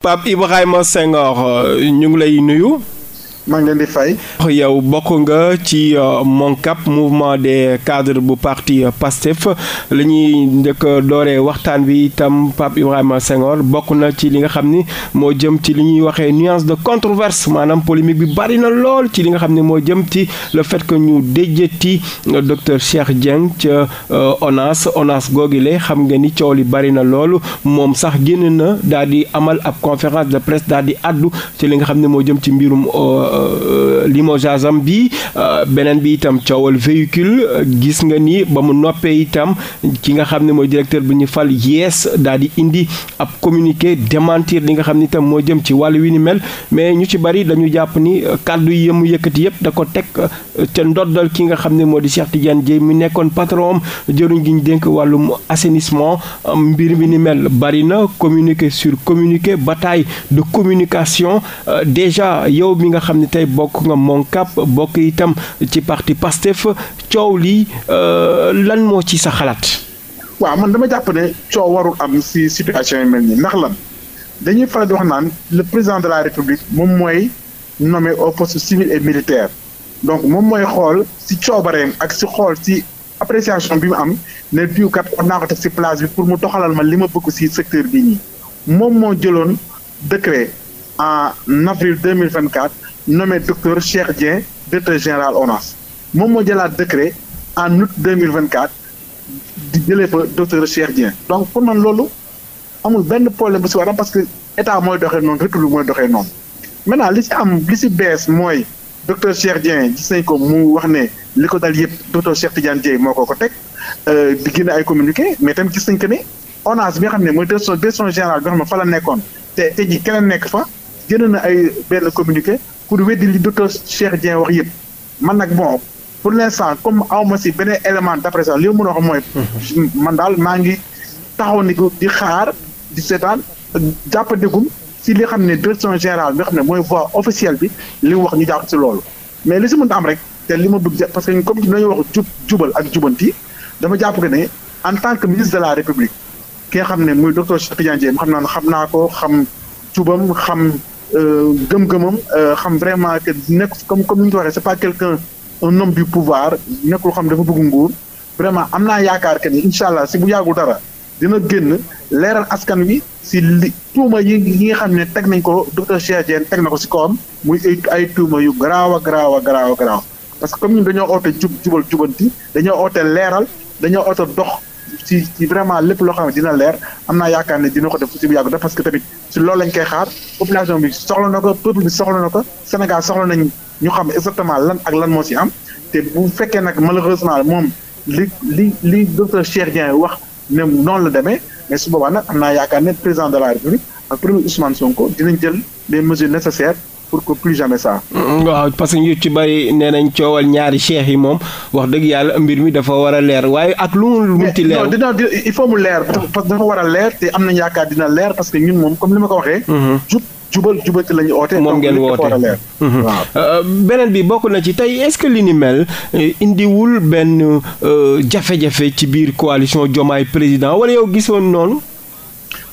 Pape Ibrahima Senghor euh, ñu ngi lay nuyu. maa ngi di fay. yow bokk nga ci euh, MONCAP mouvement des cadre bu parti PASTEF la ñuy njëkk dooree waxtaan bi itam Pape Ibrahima Senghor bokk na ci li nga xam ni moo jëm ci li ñuy waxee nuance de controverse maanaam polémique bi bari na lool ci li nga xam ne moo jëm ci le fait que ñu déjëti euh, docteur Cheikh Dieng ca euh, ONAS ONAS googile xam nga ni coow li bari na loolu moom sax génn na daal di amal ab conférence de presse daal di addu ci li nga xam ne moo jëm ci mbirum. Euh, limogeage am bi euh, beneen bi itam coowal véhicule euh, gis nga ni ba mu noppee itam ki nga xam ne mooy directeur bi ñu fal yees daal di indi ab communiqué demantir li nga xam ni itam moo jëm ci wàllu wi ni mel mais ñu ci bari dañu jàpp ni kàddu yi mu yëkkati yëpp da ko teg te ndoddal ki nga xam ne moo di Cheikh Tidiane Dièye mu nekkoon patron jëruñ gi ñu dénk wàllum assainissement mbir mi ni mel bari na communiqué sur communiqué bataille de communication déjà yow xam tey bokk nga Moncap bokk itam ci parti Pastef coow lii euh, lan moo ci sa xalaat. waaw man dama jàpp ne coow warul am si situation yi mel nii ndax lan dañuy faral di wax naan le président de la république moom mooy nome au poste civil et militaire donc moom mooy xool si coobareem ak si xool si appréciation bi mu am ne diwkat war naa ko si place bi pour mu doxalal ma li ma bëgg si secteur bi nii moom moo jëloon décret en avril deux mille vingt quatre nommé docteur Cheikh Dieng directeur général ONAS moom moo jëlaat décret en août 2024 di jëlee fa docteur Cheikh Dieng donc pour man loolu amul benn problème bu si waram parce que état mooy doxee noonu république mooy doxee noonu maintenant li si am li si bees mooy docteur Cheikh Dieng gis nañ ko mu wax ne li ko dal yëpp docteur Cheikh Tidiane Dieng moo ko ko teg euh, di génne ay communiqué mais tamit gis nañ que ne ONAS nga xam ne mooy direction direction générale bi nga xam ne fa la nekkoon te te ji keneen nekk fa génn na ay benn communiqué pour weddi li docteur Cheikh Dieng wax yëpp man nag bon pour l'instant comme awma si beneen élément d'appréciation li ma mën a wax mooy. Mhm. man daal maa ngi taxaw ni di xaar di seetaan jàppandegum si li xam ne direction générale bi nga xam ne mooy voie officielle bi li wax ñu jàpp si loolu. mais li si mën am rek te li ma bëgg parce que comme dañoo wax jub jubal ak jubanti dama jàpp que ne en tant que ministre de la république ki nga xam ne muy docteur Cheikh Tidiane Dièye xam naa xam naa xam jubam Euh, gëm-gëmam euh, xam vraiment que nekk comme comme ni ñu ko waxee c'est pas quelqu'un un homme du pouvoir nekkul xam dafa bëgg nguur vraiment am naa yaakaar que ni incha allah si bu yàggul dara dina génn leeral askan wi si li tuuma yi yi nga xam ne teg nañ ko docteur Cheikh teg na ko si kawam muy ay tuuma yu garaaw a garaaw a garaaw a parce que comme ñun dañoo oote jub jubal jubanti dañoo ote leeral dañoo oote dox. ci ci vraiment lépp loo xam ne dina leer am na yaakaar ne dina ko def ci bu yàggu da parce que tamit si loolu lañ koy xaar population bi soxla na ko peuple bi soxla na ko Sénégal soxla nañ ñu xam exactement lan ak lan moo ci am te bu fekke nag malheureusement moom li li li docteur Cheikh Dieng wax ne noonu la demee mais su boobaa nag am naa yaakaar ne président de la République ak premier Ousmane Sonko dinañ jël les mesures nécessaires pour que plus jamais mm, parce que ñu ci bari nee nañ coowal ñaari cheikh yi moom wax dëgg yàlla mbir mi dafa war a leer waaye ak lu mu munti leer. il faut mu leer parce que dafa war a leer te am nañ yaakaar dina leer parce que ñun moom comme li ma ko waxee. Mm-hmm. jub jubal jubati la ñu oote. moom ngeen woote mm-hmm. euh, beneen bi bokk na ci tey est-ce que li ni mel euh, indiwul benn euh, jafe-jafe ci biir coalition jomaay président wala yow gisoon noonu.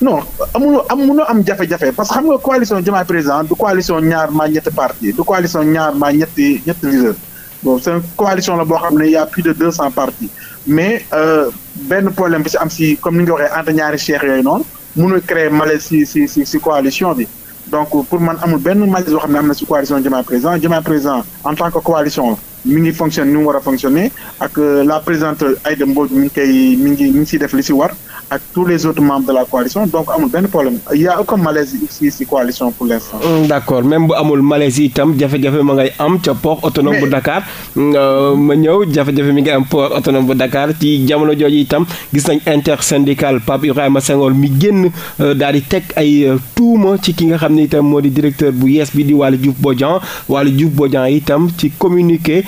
non amuloo am munoo am jafe-jafe parce que xam nga coalition Diomaye Président du coalition ñaar maa ñetti parti du coalition ñaar maa ñetti ñetti leader coalition la boo xam ne y a plus de deux cents partis mais euh, benn problème bi si am si comme ni nga waxee entre ñaari cheikh yooyu noonu mënul créer malaise si si si si coalition bi donc pour man amul benn malaise boo xam ne am na si coalition Diomaye Président Diomaye Président en tant que coalition mi ngi fonctionne ni mu a fonctionner ak euh, la mi ngi koy mi ngi mi ngi siy def li si war ak tous les autres membres de la coalition donc amul benn problème a aucun malaise ici si coalition pour l'instant mm, d' bu amul malaise itam jafe-jafe ma ngay am ca port autonome bu Dakar mm, euh, ma ñëw jafe-jafe mi ngay am port autonome bu Dakar ci jamono jooju itam gis nañ intersyndical Pape Ibrahima Senghor mi génn euh, daal di teg ay euh, tuuma ci ki nga xam ni itam moo di directeur bu yees bi di Waly Diouf Bodian wala Diouf Bodian itam ci communiqué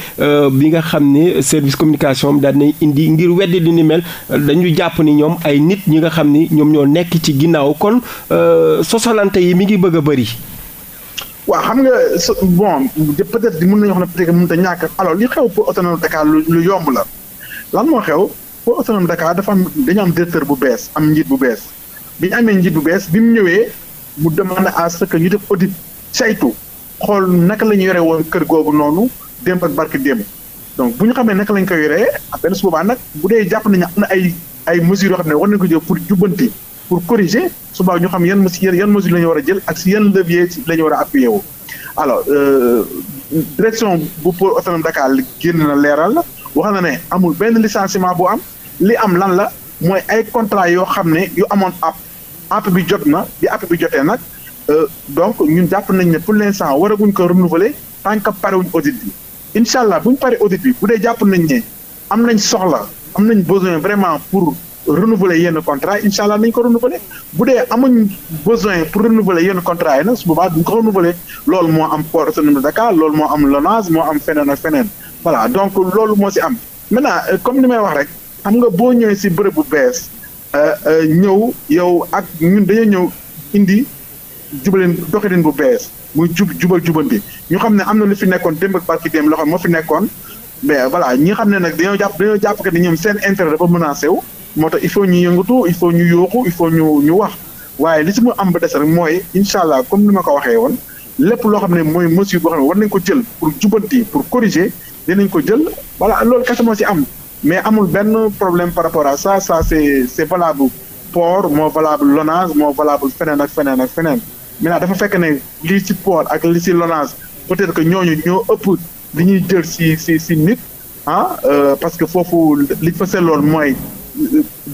bi nga xam ni service communication daal indi ngir weddi di ni mel dañu jàpp ni ñoom ay nit ñi nga xam ni ñoom ñoo nekk ci ginnaaw kon euh, sosolante yi mi ngi bëgg a bari waaw xam nga bon peut-être mën nañu wax ne peut-être mënut a ñàkk alors li xew Port autonome Dakar lu yomb la lan moo xew Port autonome Dakar dafa am dañu am directeur bu bees am njiit bu bees bi amee njiit bu bees bi mu ñëwee mu demande à ce que ñu def audit saytu xool naka lañuy ñu yore woon kër googu noonu démb ak barki démb donc bu ñu xamee naka lañ koy yoree benn su boobaa nag bu dee jàpp nañu na ay ay mesures yoo xam ne war nañ ko jël pour jubbanti pour corriger subaa ñu xam yan mos yan mesures la ñu war a jël ak si yan levier la ñu war a appuyer wu. alors euh, direction bu pôle autonome Dakar génn na leeral la wax na ne amul benn licenciement boo am li am lan la mooy ay contrat yoo xam ne yu amoon app app bi jot na bi app bi jotee nag euh, donc ñun jàpp nañ ne pour l'instant waraguñ ko renouveler tant pare parewuñ audit bi incha allah buñ pare audit bi bu dee jàpp nañ ne am nañ soxla. am nañ besoin vraiment pour renouveler yenn contrat incha allah nañ ko renouveler bu dee amuñ besoin pour renouveler yenn contrat yi nag su boobaa duñ ko renouveler loolu moo am port autonome de Dakar loolu moo am LONASE moo am feneen ak feneen voilà donc loolu moo si am maintenant euh, comme ni may wax rek xam nga boo ñëwee si bërëb bu bees euh, euh, ñëw yow ak ñun dañoo ñëw indi jubaleen doxalin bu bees muy jub jubal jubanti ñu xam ne am na lu fi nekkoon dem ak barki démb loo xam fi nekkoon mais voilà ñi xam ne nag dañoo jàpp dañoo jàpp que ni ñoom seen intérêt dafa menacé wu moo tax il faut ñu yëngatu il faut ñu yooxu il faut ñu ñu wax waaye li si mu am ba des rek mooy incha allah comme ni ma ko waxee woon lépp loo xam ne mooy mesure boo xam ne war nañ ko jël pour jubanti pour corriger dinañ ko jël voilà loolu kese moo si am mais amul benn problème par rapport à ça ça c'est c'est valable port moo valable lonage moo valable feneen ak feneen ak feneen maintenant dafa fekk ne lii si port ak li si lonage peut-être que ñooñu ñoo ëpp li ñuy jël si si si nit ah euh, parce que foofu li fa seetloon mooy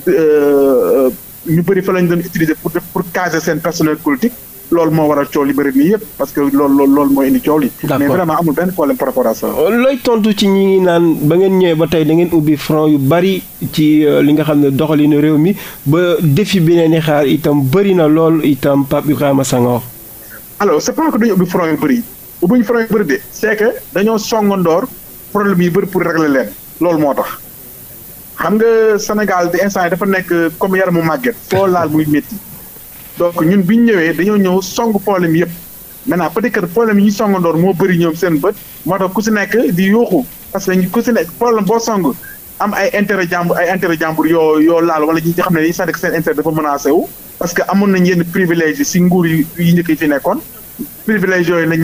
euh, ñu bëri fa lañ doon utiliser pour def pour caser seen personnel politique loolu moo war a coow li bëri nii yëpp parce que loolu lool moo indi coow li. mais vraiment amul benn problème par rapport à euh, looy tontu ci ñi ngi naan ba ngeen ñëwee ba tey da ngeen ubbi front yu bari ci li nga xam ne doxalinu réew mi ba défi bi nee ni xaar itam bëri na lool itam Pape Ibrahima Senghor. alors c'est pas que dañu ubbi front yu bëri. ubbiñ front yu bëri de c'est que dañoo songandoor problème yu bëri pour régler leen loolu moo tax xam nga Sénégal di instant yi dafa nekk comme mu màgget foo laal muy métti donc ñun bi ñu ñëwee dañoo ñëw song problème yëpp maintenant peut-être que problème yi ñu songandoor moo bëri ñoom seen bët moo tax ku si nekk di yooxu parce que ku si nekk problème boo song am ay intérêt jàmbur ay intérêt jàmbur yoo yoo laal wala ñi nga xam ne dañuy sentir que seen intérêt dafa menacé wu parce si nguur yi yi njëkk yi fi nekkoon privilège yooyu lañ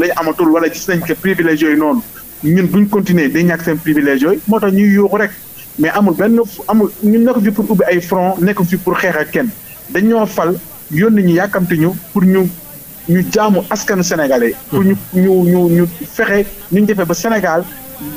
lañ amatul wala gis nañ que privilège yooyu noonu ñun buñ continuer day ñàkk seen privilège yooyu moo tax ñuy yuuxu rek mais amul benn amul ñun nekk fi pour ubbi ay front nekk fi pour xeex ak kenn dañoo fal yoon yónni ñu yàkkamti ñu pour ñu ñu jaamu askanu sénégalais. pour ñu ñu ñu ñu fexe ñu ñu defee ba Sénégal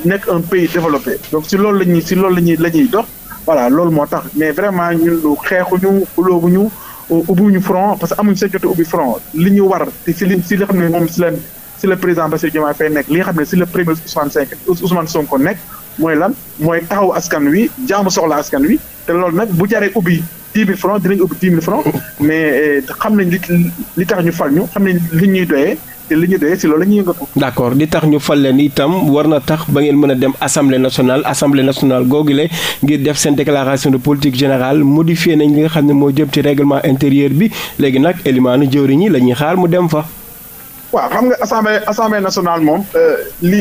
nekk un pays développé donc si loolu la ñuy si loolu la ñuy la ñuy dox voilà loolu moo tax mais vraiment ñun lu xeexuñu xulóoguñu ubbiwuñu front parce que amuñu sa jot ubbi front li ñu war te si li si li xam ne moom si la si la président Bassirou Diomaye Faye nekk li nga si la premier Ousmane Seck Ousmane Sonko nekk mooy lan mooy taxaw askan wi jaamu soxla askan wi te loolu nag bu jaree ubbi dix mille francs dinañ ubbi dix mille francs oh. mais eh, xam nañ li li tax ñu fal ñu xam nañ li ñuy doyee te li ñu dee si loolu la ñuy yëngatu. d' di tax ñu fal leen itam war na tax ba ngeen mën a dem assemblée nationale assemblée nationale googule ngir def seen déclaration de politique générale modifié nañ li nga xam ne moo jëm ci règlement intérieur bi léegi nag élimaanu jëwriñ yi la ñuy xaar mu dem fa. waaw xam nga assemblée assemblée nationale moom euh, li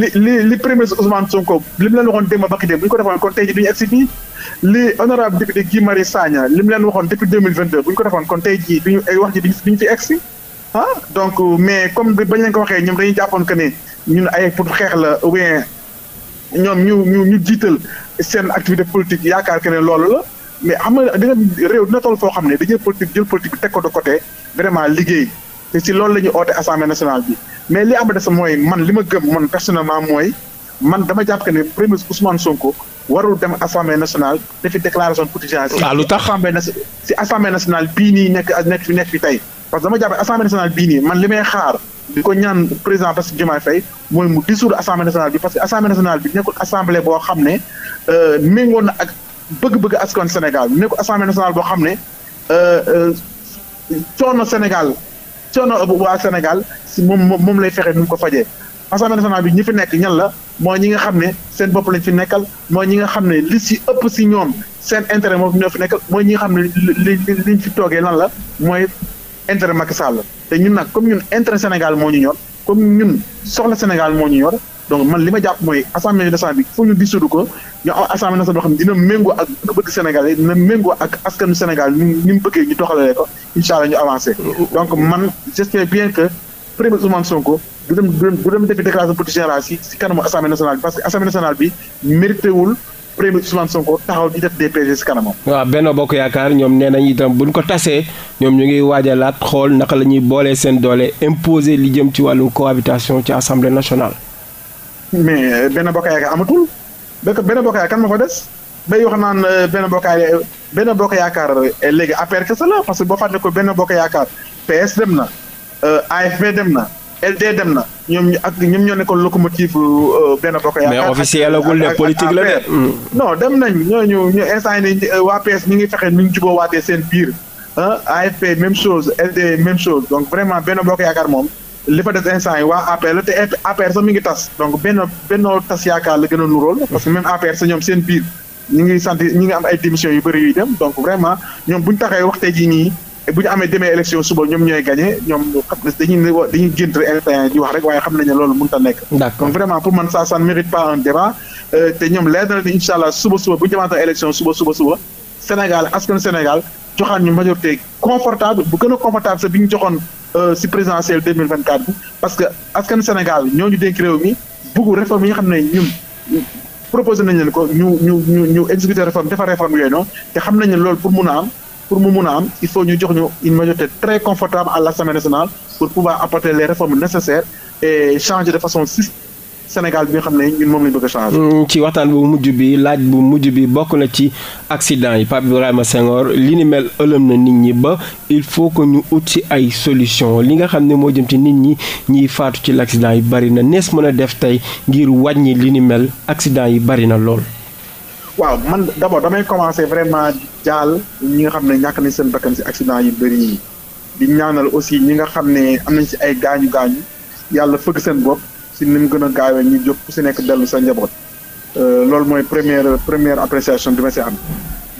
li li li premier Ousmane Sonko li mu leen waxoon démb bakki démb bu ko defoon kon tey jii du ñu egsi li honorable ah donc mais comme bañ leen ko waxee ñoom dañuy jàppoon que ne ñun ay pour xeex la ou bien ñoom ñu ñu ñu jiital seen activité politique yaakaar que ne loolu la mais xam nga da réew dina toll foo xam ne dañu politique jël politique bi teg ko de côté vraiment liggéey te si loolu la ñu oote assemblée nationale bi mais li am des mooy man li ma gëm man personnellement mooy man dama jàpp que ne premier Ousmane Sonko warul dem assemblée nationale defi déclaration de politique générale. waaw lu tax si assemblée nationale bii nii nekk nekk fi nekk fi tey. parce que dama jàppe assemblée nationale bii nii man li may xaar di ko ñaan président Bassirou Diomaye Faye mooy mu dissoudre assemblée nationale bi parce que assemblée nationale bi nekkul assemblée boo xam ne euh, méngoon na ak bëgg-bëgg askan Sénégal nekkul assemblée nationale boo xam ne euh, euh, coono Sénégal coono bu waa Sénégal si moom moom lay fexe nu mu ko fajee assemblée nationale bi ñi fi nekk ñan la mooy ñi nga xam ne seen bopp lañ fi nekkal mooy ñi nga xam ne li si ëpp si ñoom seen intérêt moom ñoo fi nekkal mooy ñi nga xam ne li liñ fi toogee lan la mooy intérêt Macky Sall te ñun nag comme ñun intérêt Sénégal moo ñu ñor comme ñun soxla Sénégal moo ñu ñor donc man li ma jàpp mooy assemblée nationale bi foo ñu dissoudre ko ñu am assemblée nationale boo xam ne dina méngoo ak ñu doxalee ko incha allah ñu avancé. donc man j'espère bien que premier Ousmane Sonko du dem du dem defi déclaration politique générale si kanamu assemblée nationale bi parce que assemblée nationale bi mérité premier Ousmane Sonko taxaw di def DPG si kanamam. waaw Benno Bokk Yaakaar ñoom nee nañ itam buñ ko tasee ñoom ñu ngi laat xool naka la ñuy boolee seen doole imposer li jëm ci wàllu cohabitation ci assemblée nationale. mais euh, Benno Bokk Yaakaar amatul Benno Bokk Yaakaar kan ma fa des bay wax naan euh, Benno Bokk Yaakaar Benno Bokk euh, léegi APR kese la parce que boo fàtte ko Benno Bokk Yaakaar PS dem na AFP dem na. LD dem na ñoom ñu ak ñoom ñoo nekkoon locomotive euh, benn bokk yaakaar. mais officiel agul ne politique la hmm. dem nañ ñoo ñu instant yii nii waa PS ñu ngi fexe ñu ngi jubóo waatee seen biir ah AFP même chose LD même chose donc vraiment benn bokk yaakaar moom li fa des instant yi waa APR la te mi ngi tas donc benn bennoo tas yaakaar la gën a nuróol. parce que même APR sa ñoom seen biir ñu ngi sant ñi ngi am ay démissions yu bëri yuy dem donc vraiment ñoom bu ñu taxee waxtee ji nii. bu ñu amee demee élection suba ñoom ñooy gagné ñoom dañuy dañuy gént électeur di wax rek waaye xam nañ ne loolu mënut a nekk. donc vraiment pour man ça ça ne mérite pas un débat euh, te ñoom leer na ni incha suba suba bu ñu demaatee élection suba suba suba Sénégal askan Sénégal joxaan ñu majorité confortable bu gën a confortable sax bi ñu joxoon euh, si présidentielle 2024 bi parce que askan Sénégal ñooñu ñu dénk réew mi bëggu réforme yi xam ne ñun. proposé nañ leen ko ñu ñu ñu ñu exécuter réforme defar réforme yooyu noonu te xam nañ ne loolu mun a am pour mu mun a am il faut ñu jox ñu une majorité très confortable à la l'Assemblée nationale pour pouvoir apporter les réformes nécessaires et changer de façon systémique Sénégal bi nga xam ne ñun moom lañ bëgg a changer. Mm, ci waxtaan bu mujj bi laaj bu mujj bi bokk na ci accident yi Pape Ibrahima Senghor li ni mel ëlëm na nit ñi ba il faut que ñu ut ci ay solution li nga xam ne moo jëm ci nit ñi ñiy faatu ci l'accident yi bari na nees mën a def tey ngir wàññi li ni mel accident yi bari na lool. waaw man d' damay commencer vraiment jaal ñi nga xam ne ñàkk nañ seen bakkan ci accident yu bëri yi di ñaanal aussi ñi nga xam ne am nañ si ay gaañu gaañu yàlla fëgg seen bopp ci ni mu gën a gaawee ñu jóg ku ci nekk dellu sa njaboot euh, loolu mooy première première appréciation di ma ci am.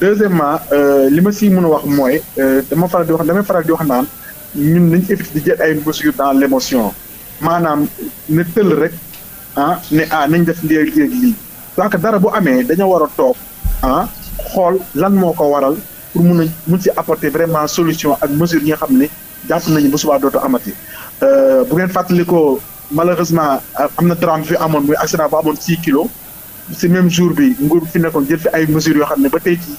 deuxièmement euh, li ma ci mën a wax mooy euh, dama faral di wax damay faral di wax naan ñun nañ éviter di jël ay mesures dans l' émotion maanaam ne tëll rek ah ne ah nañ def lii ak lii donc dara bu amee dañoo war a toog ah xool lan moo ko waral pour mun a mun si apporter vraiment solution ak mesure yi nga xam ne jàpp nañu ba subaa dootu amati euh, bu ngeen fàttalikoo malheureusement euh, am na drame fi amoon muy accident bu amoon six kilos si même jour bi nguur fi nekkoon jël fi ay mesures yoo xam ne ba tey jii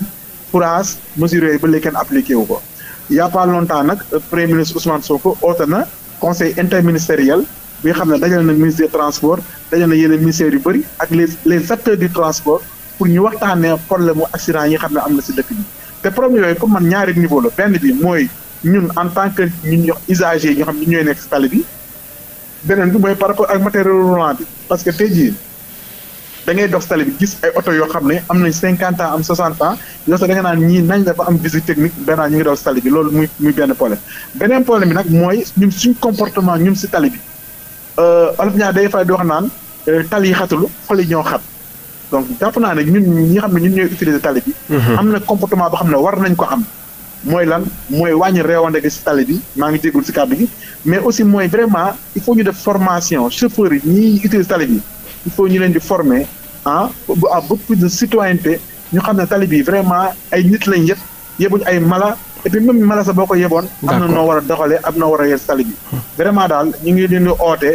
courage mesures yooyu ba léegi kenn appliqué wu ko y' a pas longtemps nag premier ministre Ousmane ko oote na conseil interministériel. bi xam ne dajale na ministre des transports dajale na yeneen ministères yu bëri ak les les acteurs du transport pour ñu waxtaanee problème mu accident yi xam ne am na si dëkk bi te problème yooyu comme man ñaari niveau la benn bi mooy ñun en tant que ñun ñoo usagers yi ñoo xam ne ñooy nekk si tali bi beneen bi mooy par rapport ak matériel roulant bi parce que te jii da ngay dox tali bi gis ay oto yoo xam ne am nañ cinquante ans am soixante ans yoo sax da nga naan ñii nañ la ba am visite technique beneen ñu ngi daw si tali bi loolu muy muy benn problème beneen problème bi nag mooy suñ comportement ñun si tali Euh, olof ñaar day faral di wax naan euh, tali yi xatul xol yi ñoo xat donc jàpp naa ne ñun ñi xam ne ñun ñooy utiliser tali bi. Mhm. am na comportement boo xam ne war nañ ko am. mooy lan mooy wàññi réewande gi si tali bi maa ngi jégalu si kàddu gi mais aussi mooy vraiment il faut ñu def formation chauffeurs yi ñiy utiliser tali bi il faut ñu leen di former ah à beaucoup de citoyenneté ñu xam ne tali bi vraiment ay nit lañ yëpp yëbuñ ay mala. et puis même mala sa boo ko yeboon am na noo war a doxalee am na war a yer tali vraiment daal ñu ngi leen di oote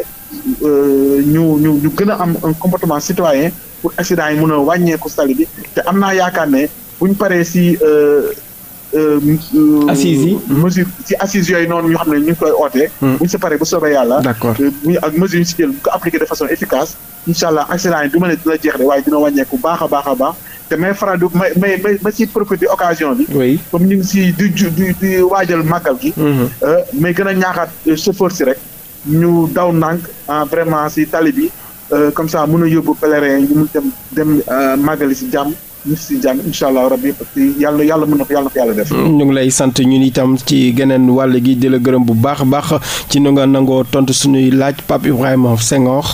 euh, ñu ñu ñu gën a am comportement citoyen pour accident yi mun a wàññeeku tali bi te am naa yaakaar ne buñ paree si euh, euh, assises yi mesure si assises yooyu noonu ñu xam ne ñu ngi koy ootee hmm. buñ sa paree bu soobee yàlla d'accord ak mesure yi si jël bu ko appliqué de façon efficace incha allah accident yi du ne dina jeex de waaye dina wàññeeku baax a baax a baax damay faral di may may ma si profité occasion bi. oui comme ñu ngi di di di waajal màggal gi. Mm-hmm. Euh, may gën a ñaaxaat euh, chauffeur si rek ñu daw ndànk ah, vraiment si tali bi euh, comme ça mën a yóbbu pèlerin yi ñu mun dem dem màggali si jàmm. ñu si jàng incha allah rabbi yàlla yàlla mën na ko yàlla def. Mm, ñu ngi lay sant ñun itam ci geneen wàll gi di la gërëm bu baax a baax ci nu nga nangoo tontu suñuy laaj Pape Ibrahima Senghor.